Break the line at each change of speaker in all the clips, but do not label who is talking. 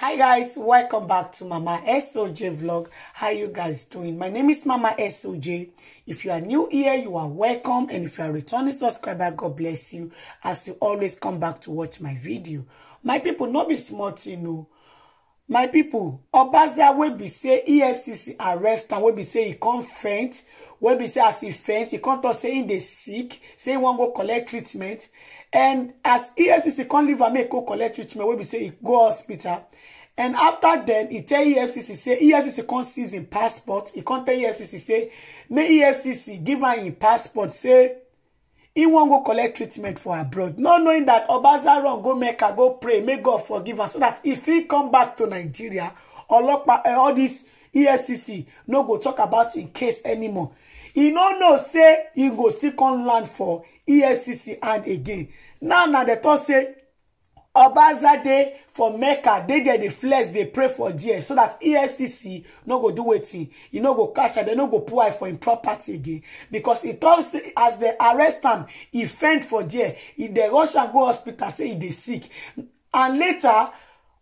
hi guys welcome back to mama soj vlog how you guys doing my name is mama soj if you are new here you are welcome and if you are returning subscriber god bless you as you always come back to watch my video my people no be small tin o oh. my people obaza will be say efcc arrest and will be say he come faint wey be say as e faint e come tok say e dey sick say e wan go collect treatment and as efcc come leave am make go collect treatment wey be say e go hospital and after then e tell efcc say efcc come seize im passport e come tell efcc say make efcc give am im passport say he wan go collect treatment for abroad not knowing that obaza run go make her go pray make god forgive am so that if he come back to nigeria olopa eh, all this efcc no go talk about im case anymore e no know say e go second land for efcc hand again now na dem talk say obaza dey for mecca dey there dey flex dey pray for there so that efcc no go do wetin e no go catch am dem no go put eye for im property again because e tok say as dem arrest am e faint for there e dey rush am go hospital say e dey sick and later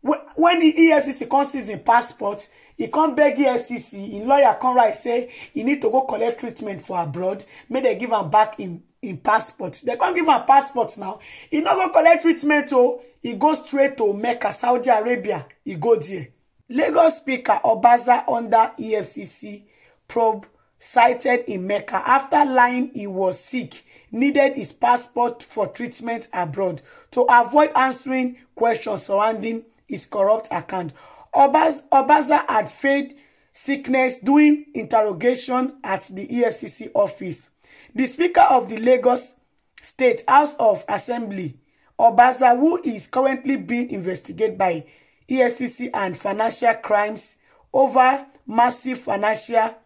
when the efcc come seize him passport he can't beg efcc him lawyer come write say he need to go collect treatment for abroad May they give him back in in passport They can't give him passport now He not go collect treatment o oh. he go straight to mecca saudi arabia He go there lagos speaker obaza under efcc probe cited in mecca after lying he was sick needed his passport for treatment abroad to avoid answering questions surrounding his corrupt account. Obaz Obaza had feigned sickness during interrogation at the EFCC office. The Speaker of the Lagos State House of Assembly, Obaza, who is currently being investigated by EFCC and financial crimes over massive financial,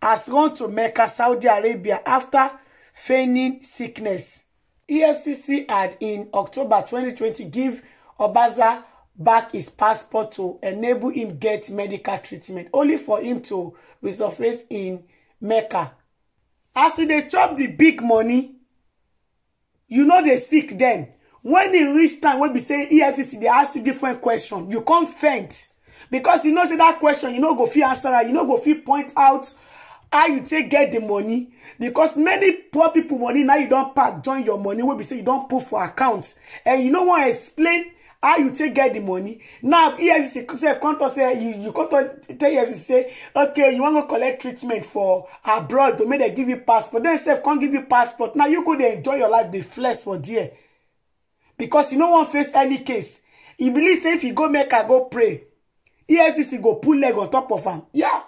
has gone to Mecca, Saudi Arabia after feigning sickness. EFCC had in October 2020 give Obaza back his passport to enable him get medical treatment only for him to resurface in Mecca. As they chop the big money, you know they sick them. When e reach time wey be say EFCC They ask you different question, you can't faint because you know say that question you know go feel answer you know go feel point out how you take get the money because many poor people money now you don't pack join your money wey be say you don't put for accounts and you no wan explain how you take get the money now efcc say come talk say you you come talk tell efcc say okay you wan go collect treatment for abroad to make dem give you passport Then sef come give you passport now you go dey enjoy your life dey flex for there because you no wan face any case e believe say if you go make go pray efcc go pull leg on top of am yeah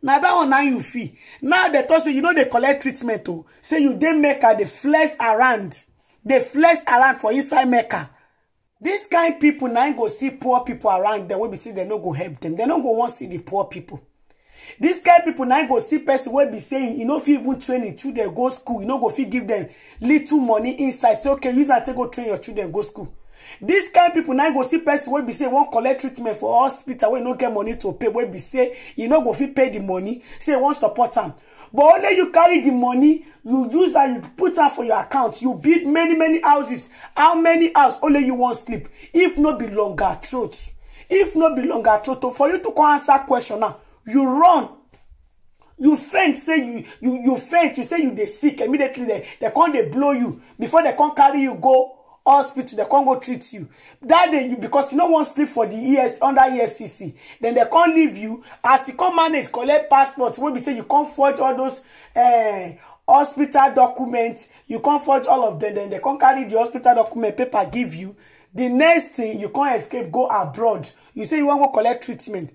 na that one na you feel now dem talk say you no dey collect treatment o say you dey mecca dey flex around dey flex around for inside make mecca dis kind pipo na im go see poor people around dem will be see they no go help them. They no go wan see the poor people. dis kind pipo na im go see person will be say e no fit even train your children go school You no go fit give them little money inside say okay use am take go train your children go school dis kain people now go see person where be say wan collect treatment for hospital wey no get money to pay where be say you no go fit pay the money say wan support them. but only you carry the money you use and you put am for your account you build many many houses how many house only you wan sleep if not, be longer truth if not, be longer truth for you to come answer question now you run you faint say you you you faint you say you dey sick immediately they they come they blow you before they come carry you go hospital dem con go treat you that day you because you no wan sleep for the di e under efcc then they can't leave you as you come manage collect passports wey be say you can't forge all those uh, hospital documents you can't forge all of them then they can't carry the hospital document paper give you the next thing you can't escape go abroad you say you want go collect treatment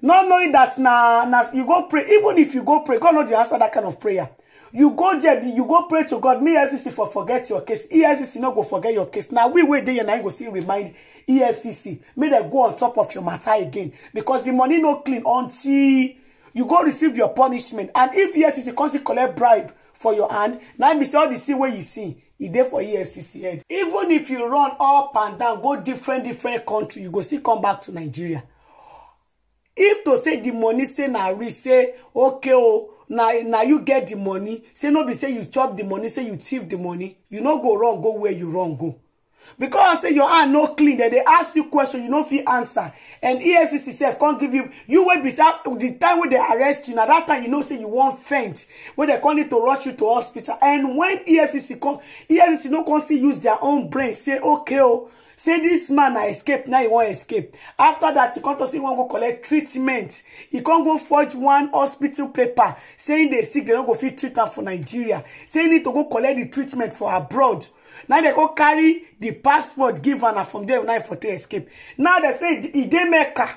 not knowing that na you go pray even if you go pray god no the answer that kind of prayer you go jedi you go pray to god Me efcc for forget your case efcc no go forget your case Now we wait dey and I go still remind efcc make they go on top of your matter again because the money no clean until you go receive your punishment and if efcc come still collect bribe for your hand na me see all the see where you see e there for efcc head even if you run up and down go different different country you go still come back to nigeria if to say the money say na real say okay oh. Now, now you get the money say no be say you chop the money say you thief the money you no go wrong go where you wrong go because say your hand no clean dem they ask you question you no fit answer and efcc sef can't give you you wait beside the time when they arrest you Now that time you know say you wan faint when they con need to rush you to hospital and when efcc come efcc no con see use their own brain say okay oh say this man na escape now e wan escape After that, he can't to say e wan go collect treatment He can't go forge one hospital paper saying dey sick dem no go fit treat am for nigeria Saying need to go collect the treatment for abroad now they go carry the passport given from there now for take escape now they say they make her.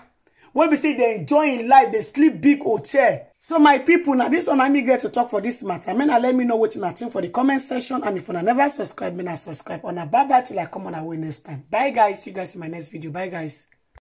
When we say they enjoy in life they sleep big hotel so my people, now this one I'm need to talk for this matter na let me know wetin i think for the comment section and if una never subscribe me na subscribe una bye bye till i come on our way next time bye guys see you guys in my next video bye guys